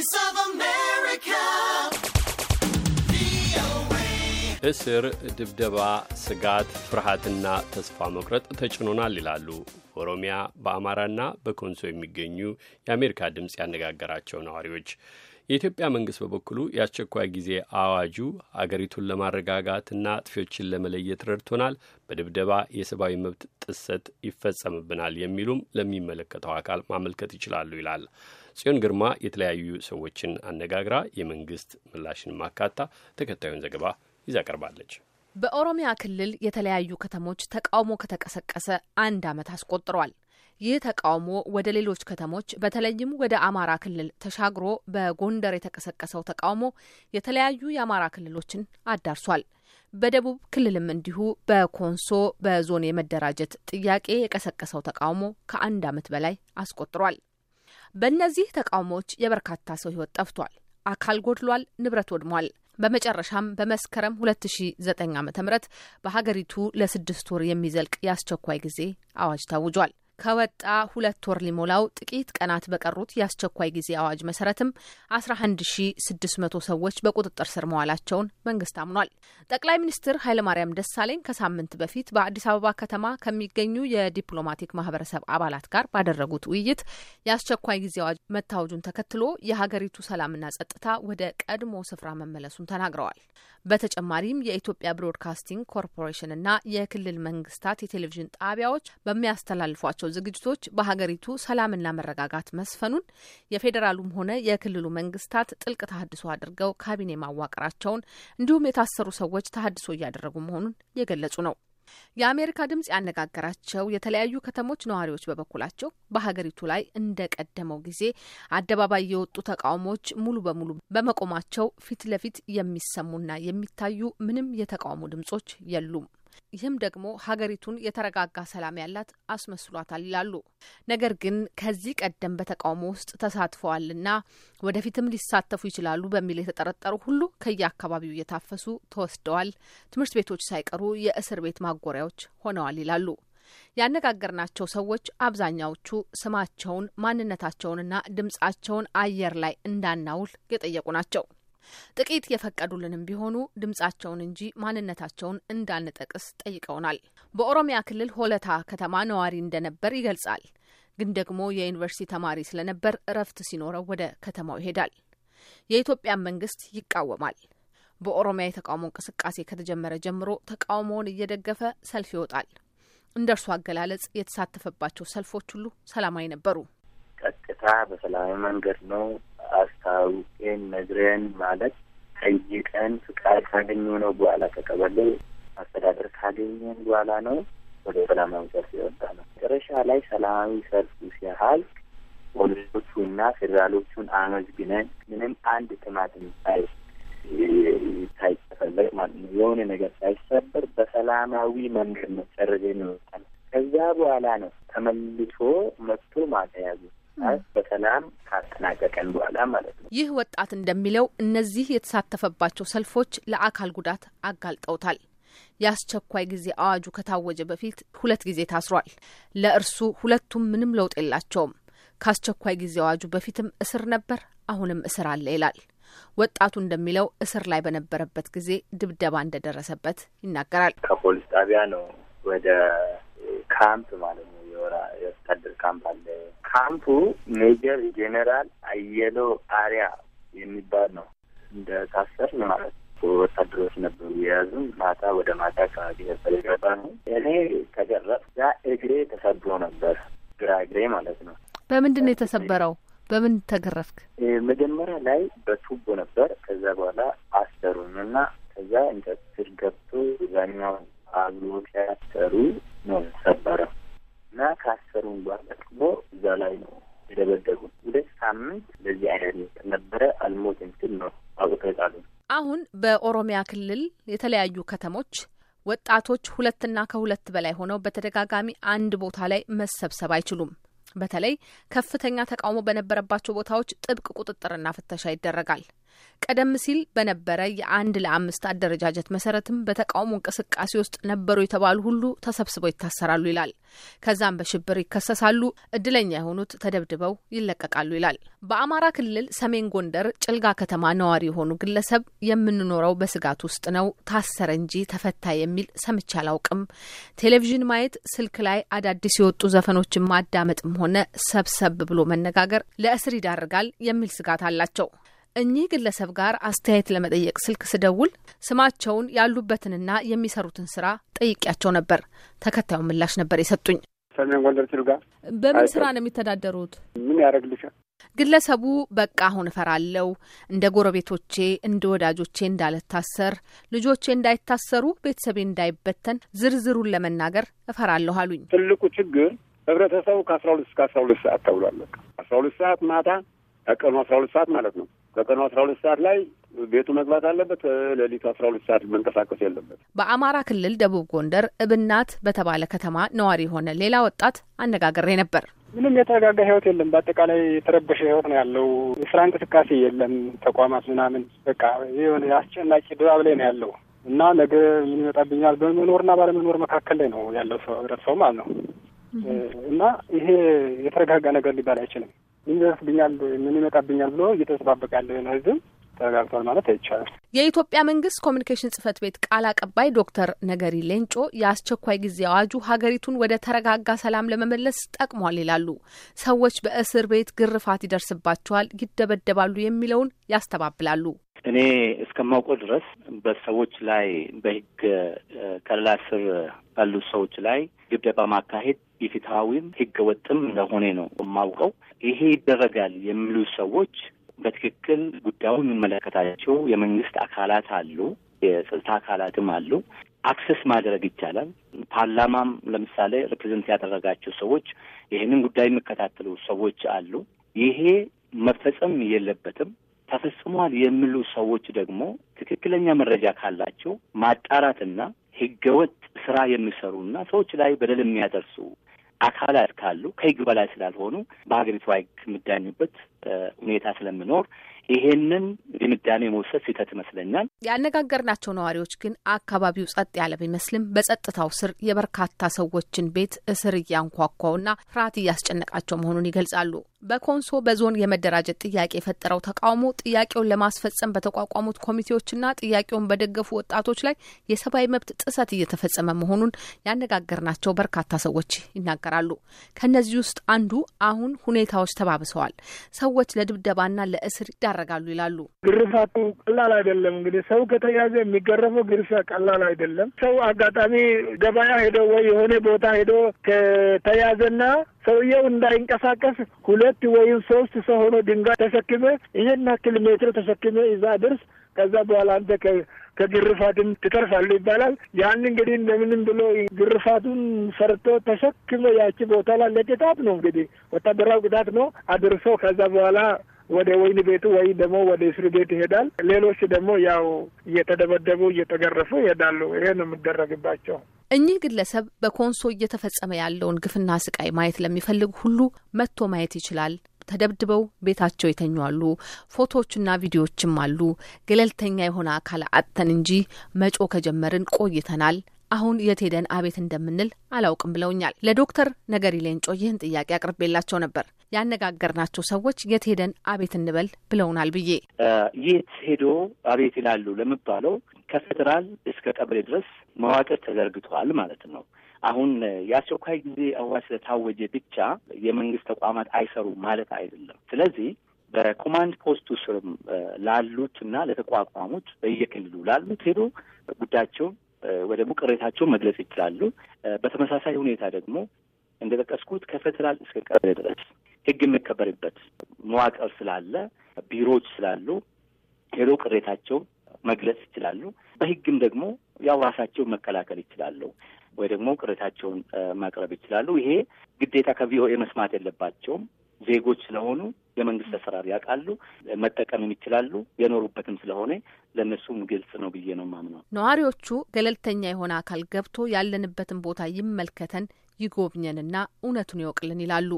Voice of America. እስር፣ ድብደባ፣ ስጋት፣ ፍርሃትና ተስፋ መቁረጥ ተጭኖናል ይላሉ በኦሮሚያ በአማራና በኮንሶ የሚገኙ የአሜሪካ ድምፅ ያነጋገራቸው ነዋሪዎች። የኢትዮጵያ መንግስት በበኩሉ የአስቸኳይ ጊዜ አዋጁ አገሪቱን ለማረጋጋትና አጥፊዎችን ለመለየት ረድቶናል፣ በድብደባ የሰብአዊ መብት ጥሰት ይፈጸምብናል የሚሉም ለሚመለከተው አካል ማመልከት ይችላሉ ይላል። ጽዮን ግርማ የተለያዩ ሰዎችን አነጋግራ የመንግስት ምላሽን ማካታ ተከታዩን ዘገባ ይዛ ቀርባለች። በኦሮሚያ ክልል የተለያዩ ከተሞች ተቃውሞ ከተቀሰቀሰ አንድ ዓመት አስቆጥሯል። ይህ ተቃውሞ ወደ ሌሎች ከተሞች በተለይም ወደ አማራ ክልል ተሻግሮ በጎንደር የተቀሰቀሰው ተቃውሞ የተለያዩ የአማራ ክልሎችን አዳርሷል። በደቡብ ክልልም እንዲሁ በኮንሶ በዞን የመደራጀት ጥያቄ የቀሰቀሰው ተቃውሞ ከአንድ ዓመት በላይ አስቆጥሯል። በእነዚህ ተቃውሞዎች የበርካታ ሰው ህይወት ጠፍቷል፣ አካል ጎድሏል፣ ንብረት ወድሟል። በመጨረሻም በመስከረም 2009 ዓ ም በሀገሪቱ ለስድስት ወር የሚዘልቅ የአስቸኳይ ጊዜ አዋጅ ታውጇል። ከወጣ ሁለት ወር ሊሞላው ጥቂት ቀናት በቀሩት የአስቸኳይ ጊዜ አዋጅ መሰረትም 11600 ሰዎች በቁጥጥር ስር መዋላቸውን መንግስት አምኗል። ጠቅላይ ሚኒስትር ኃይለማርያም ደሳለኝ ከሳምንት በፊት በአዲስ አበባ ከተማ ከሚገኙ የዲፕሎማቲክ ማህበረሰብ አባላት ጋር ባደረጉት ውይይት የአስቸኳይ ጊዜ አዋጅ መታወጁን ተከትሎ የሀገሪቱ ሰላምና ጸጥታ ወደ ቀድሞ ስፍራ መመለሱን ተናግረዋል። በተጨማሪም የኢትዮጵያ ብሮድካስቲንግ ኮርፖሬሽንና የክልል መንግስታት የቴሌቪዥን ጣቢያዎች በሚያስተላልፏቸው ዝግጅቶች በሀገሪቱ ሰላምና መረጋጋት መስፈኑን የፌዴራሉም ሆነ የክልሉ መንግስታት ጥልቅ ተሀድሶ አድርገው ካቢኔ ማዋቀራቸውን እንዲሁም የታሰሩ ሰዎች ተሀድሶ እያደረጉ መሆኑን የገለጹ ነው። የአሜሪካ ድምጽ ያነጋገራቸው የተለያዩ ከተሞች ነዋሪዎች በበኩላቸው በሀገሪቱ ላይ እንደ ቀደመው ጊዜ አደባባይ የወጡ ተቃውሞዎች ሙሉ በሙሉ በመቆማቸው ፊት ለፊት የሚሰሙና የሚታዩ ምንም የተቃውሞ ድምጾች የሉም። ይህም ደግሞ ሀገሪቱን የተረጋጋ ሰላም ያላት አስመስሏታል ይላሉ። ነገር ግን ከዚህ ቀደም በተቃውሞ ውስጥ ተሳትፈዋልና ወደፊትም ሊሳተፉ ይችላሉ በሚል የተጠረጠሩ ሁሉ ከየአካባቢው እየታፈሱ ተወስደዋል። ትምህርት ቤቶች ሳይቀሩ የእስር ቤት ማጎሪያዎች ሆነዋል ይላሉ። ያነጋገርናቸው ሰዎች አብዛኛዎቹ ስማቸውን ማንነታቸውንና ድምጻቸውን አየር ላይ እንዳናውል የጠየቁ ናቸው። ጥቂት የፈቀዱልንም ቢሆኑ ድምጻቸውን እንጂ ማንነታቸውን እንዳንጠቅስ ጠይቀውናል። በኦሮሚያ ክልል ሆለታ ከተማ ነዋሪ እንደነበር ይገልጻል። ግን ደግሞ የዩኒቨርሲቲ ተማሪ ስለነበር እረፍት ሲኖረው ወደ ከተማው ይሄዳል። የኢትዮጵያን መንግስት ይቃወማል። በኦሮሚያ የተቃውሞ እንቅስቃሴ ከተጀመረ ጀምሮ ተቃውሞውን እየደገፈ ሰልፍ ይወጣል። እንደ እርሱ አገላለጽ የተሳተፈባቸው ሰልፎች ሁሉ ሰላማዊ ነበሩ። ቀጥታ በሰላማዊ መንገድ ነው አስታውቄን ነግረን ማለት ጠይቀን ፍቃድ ካገኙ ነው በኋላ ከቀበሌ አስተዳደር ካገኘን በኋላ ነው ወደ ሰላማዊ ሰልፍ የወጣ ነው። መጨረሻ ላይ ሰላማዊ ሰልፉ ሲያልቅ ፖሊሶቹና ፌዴራሎቹን አመዝግነን ምንም አንድ ትማትም ሳይ ሳይተፈለግ ማለት ነው የሆነ ነገር ሳይሰበር በሰላማዊ መንገድ ነው ነው የወጣ ነው። ከዛ በኋላ ነው ተመልሶ መጥቶ ማተያዙ በሰላም ካጠናቀቀን በኋላ ማለት ነው። ይህ ወጣት እንደሚለው እነዚህ የተሳተፈባቸው ሰልፎች ለአካል ጉዳት አጋልጠውታል። የአስቸኳይ ጊዜ አዋጁ ከታወጀ በፊት ሁለት ጊዜ ታስሯል። ለእርሱ ሁለቱም ምንም ለውጥ የላቸውም። ከአስቸኳይ ጊዜ አዋጁ በፊትም እስር ነበር፣ አሁንም እስር አለ ይላል። ወጣቱ እንደሚለው እስር ላይ በነበረበት ጊዜ ድብደባ እንደደረሰበት ይናገራል። ከፖሊስ ጣቢያ ነው ወደ ካምፕ ማለት ነው። የወታደር ካምፕ አለ ካምፑ ሜጀር ጄኔራል አየሎ አሪያ የሚባል ነው። እንደ ታሰር ማለት ወታደሮች ነበሩ የያዙም። ማታ ወደ ማታ አካባቢ ነበር የገባ ነው። እኔ ተገረፍ ዛ እግሬ ተሰብሮ ነበር፣ ግራ እግሬ ማለት ነው። በምንድን ነው የተሰበረው? በምን ተገረፍክ? መጀመሪያ ላይ በቱቦ ነበር። ከዛ በኋላ አሰሩኝ እና ከዛ እንደ ስር ገብቶ ዛኛው አብሮ ሲያሰሩ ነው ሰበረው እና ካሰሩኝ በኋላ ላይ ነው የደበደጉት። ሁለት ሳምንት በዚህ አይነት ነበረ። አልሞት ግን ነው አቁተጣሉ። አሁን በኦሮሚያ ክልል የተለያዩ ከተሞች ወጣቶች ሁለትና ከሁለት በላይ ሆነው በተደጋጋሚ አንድ ቦታ ላይ መሰብሰብ አይችሉም። በተለይ ከፍተኛ ተቃውሞ በነበረባቸው ቦታዎች ጥብቅ ቁጥጥርና ፍተሻ ይደረጋል። ቀደም ሲል በነበረ የአንድ ለአምስት አደረጃጀት መሰረትም በተቃውሞ እንቅስቃሴ ውስጥ ነበሩ የተባሉ ሁሉ ተሰብስበው ይታሰራሉ ይላል። ከዛም በሽብር ይከሰሳሉ፣ እድለኛ የሆኑት ተደብድበው ይለቀቃሉ ይላል። በአማራ ክልል ሰሜን ጎንደር ጭልጋ ከተማ ነዋሪ የሆኑ ግለሰብ የምንኖረው በስጋት ውስጥ ነው፣ ታሰረ እንጂ ተፈታ የሚል ሰምቼ አላውቅም። ቴሌቪዥን ማየት፣ ስልክ ላይ አዳዲስ የወጡ ዘፈኖችን ማዳመጥም ሆነ ሰብሰብ ብሎ መነጋገር ለእስር ይዳርጋል የሚል ስጋት አላቸው። እኚህ ግለሰብ ጋር አስተያየት ለመጠየቅ ስልክ ስደውል ስማቸውን ያሉበትንና የሚሰሩትን ስራ ጠይቄያቸው ነበር። ተከታዩን ምላሽ ነበር የሰጡኝ። ሰሜን ጎንደር ችሉጋ በምን ስራ ነው የሚተዳደሩት? ምን ያደርግልሻል? ግለሰቡ በቃ አሁን እፈራለሁ፣ እንደ ጎረቤቶቼ እንደ ወዳጆቼ እንዳልታሰር፣ ልጆቼ እንዳይታሰሩ፣ ቤተሰቤ እንዳይበተን፣ ዝርዝሩን ለመናገር እፈራለሁ አሉኝ። ትልቁ ችግር ህብረተሰቡ ከአስራ ሁለት እስከ አስራ ሁለት ሰዓት ተብሏል። አስራ ሁለት ሰዓት ማታ ከቀኑ አስራ ሁለት ሰዓት ማለት ነው በቀኑ አስራ ሁለት ሰዓት ላይ ቤቱ መግባት አለበት። ሌሊቱ አስራ ሁለት ሰዓት መንቀሳቀስ የለበት። በአማራ ክልል ደቡብ ጎንደር እብናት በተባለ ከተማ ነዋሪ የሆነ ሌላ ወጣት አነጋግሬ ነበር። ምንም የተረጋጋ ህይወት የለም። በአጠቃላይ የተረበሸ ህይወት ነው ያለው። የስራ እንቅስቃሴ የለም። ተቋማት ምናምን በቃ የሆነ አስጨናቂ ድባብ ላይ ነው ያለው እና ነገ ምን ይመጣብኛል በመኖርና ባለመኖር መካከል ላይ ነው ያለው ሰው ህብረተሰቡ ማለት ነው እና ይሄ የተረጋጋ ነገር ሊባል አይችልም። ምን ይደርስብኛል፣ ምን ይመጣብኛል ብሎ እየተጠባበቀ ያለ ነው ህዝብ ተረጋግቷል ማለት አይቻልም። የኢትዮጵያ መንግስት ኮሚኒኬሽን ጽህፈት ቤት ቃል አቀባይ ዶክተር ነገሪ ሌንጮ የአስቸኳይ ጊዜ አዋጁ ሀገሪቱን ወደ ተረጋጋ ሰላም ለመመለስ ጠቅሟል ይላሉ። ሰዎች በእስር ቤት ግርፋት ይደርስባቸዋል፣ ይደበደባሉ የሚለውን ያስተባብላሉ። እኔ እስከማውቀው ድረስ በሰዎች ላይ በህግ ከለላ ስር ባሉ ሰዎች ላይ ድብደባ ማካሄድ ኢፍትሐዊም ህገ ወጥም እንደሆነ ነው የማውቀው። ይሄ ይደረጋል የሚሉ ሰዎች በትክክል ጉዳዩ የሚመለከታቸው የመንግስት አካላት አሉ፣ የጸጥታ አካላትም አሉ። አክሰስ ማድረግ ይቻላል። ፓርላማም ለምሳሌ ሪፕሬዘንት ያደረጋቸው ሰዎች ይህንን ጉዳይ የሚከታተሉ ሰዎች አሉ። ይሄ መፈጸም የለበትም። ተፈጽሟል የሚሉ ሰዎች ደግሞ ትክክለኛ መረጃ ካላቸው ማጣራትና ህገወጥ ስራ የሚሰሩና ሰዎች ላይ በደል የሚያደርሱ አካላት ካሉ ከህግ በላይ ስላልሆኑ በሀገሪቷ ህግ የሚዳኙበት ሁኔታ ስለሚኖር ይሄንን ድምዳሜ መውሰድ ስህተት ይመስለኛል። ያነጋገርናቸው ነዋሪዎች ግን አካባቢው ጸጥ ያለ ቢመስልም በጸጥታው ስር የበርካታ ሰዎችን ቤት እስር እያንኳኳውና ፍርሃት እያስጨነቃቸው መሆኑን ይገልጻሉ። በኮንሶ በዞን የመደራጀት ጥያቄ የፈጠረው ተቃውሞ ጥያቄውን ለማስፈጸም በተቋቋሙት ኮሚቴዎችና ጥያቄውን በደገፉ ወጣቶች ላይ የሰብአዊ መብት ጥሰት እየተፈጸመ መሆኑን ያነጋገርናቸው በርካታ ሰዎች ይናገራሉ። ከእነዚህ ውስጥ አንዱ አሁን ሁኔታዎች ተባብሰዋል፣ ሰዎች ለድብደባና ለእስር ይዳረጋሉ ይላሉ። ግርፋቱ ቀላል አይደለም። እንግዲህ ሰው ከተያዘ የሚገረፈው ግርፊያ ቀላል አይደለም። ሰው አጋጣሚ ገበያ ሄዶ ወይ የሆነ ቦታ ሄዶ ከተያዘና ሰውየው እንዳይንቀሳቀስ ሁለት ወይም ሶስት ሰው ሆኖ ድንጋይ ተሸክመ ይህን ያክል ሜትር ተሸክመ ይዛ ድርስ ከዛ በኋላ አንተ ከግርፋትም ትተርፋለህ ይባላል። ያን እንግዲህ እንደምንም ብሎ ግርፋቱን ሰርቶ ተሸክሞ ያቺ ቦታ ላይ ለቅጣት ነው እንግዲህ ወታደራዊ ቅጣት ነው አድርሶ ከዛ በኋላ ወደ ወይን ቤቱ ወይ ደግሞ ወደ እስር ቤት ይሄዳል። ሌሎች ደግሞ ያው እየተደበደቡ እየተገረፉ ይሄዳሉ። ይሄ ነው የምደረግባቸው። እኚህ ግለሰብ በኮንሶ እየተፈጸመ ያለውን ግፍና ስቃይ ማየት ለሚፈልግ ሁሉ መጥቶ ማየት ይችላል። ተደብድበው ቤታቸው የተኙ አሉ። ፎቶዎችና ቪዲዮዎችም አሉ። ገለልተኛ የሆነ አካል አጥተን እንጂ መጮ ከጀመርን ቆይተናል። አሁን የት ሄደን አቤት እንደምንል አላውቅም ብለውኛል። ለዶክተር ነገሪ ሌንጮ ይህን ጥያቄ አቅርቤላቸው ነበር። ያነጋገርናቸው ሰዎች የት ሄደን አቤት እንበል ብለውናል ብዬ የት ሄዶ አቤት ይላሉ ለምባለው ከፌዴራል እስከ ቀበሌ ድረስ መዋቅር ተዘርግቷል ማለት ነው። አሁን የአስቸኳይ ጊዜ አዋጅ ስለታወጀ ብቻ የመንግስት ተቋማት አይሰሩም ማለት አይደለም። ስለዚህ በኮማንድ ፖስቱ ስርም ላሉት እና ለተቋቋሙት በየክልሉ ላሉት ሄዶ ጉዳያቸውን ወይ ደግሞ ቅሬታቸውን መግለጽ ይችላሉ። በተመሳሳይ ሁኔታ ደግሞ እንደጠቀስኩት ከፌዴራል እስከ ቀበሌ ድረስ ህግ የሚከበርበት መዋቅር ስላለ ቢሮዎች ስላሉ ሄዶ ቅሬታቸው መግለጽ ይችላሉ። በህግም ደግሞ ያው ራሳቸው መከላከል ይችላሉ ወይ ደግሞ ቅሬታቸውን ማቅረብ ይችላሉ። ይሄ ግዴታ ከቪኦኤ መስማት የለባቸውም። ዜጎች ስለሆኑ የመንግስት አሰራር ያውቃሉ፣ መጠቀምም ይችላሉ። የኖሩበትም ስለሆነ ለእነሱም ግልጽ ነው ብዬ ነው ማምነው። ነዋሪዎቹ ገለልተኛ የሆነ አካል ገብቶ ያለንበትን ቦታ ይመልከተን፣ ይጎብኘንና እውነቱን ይወቅልን ይላሉ።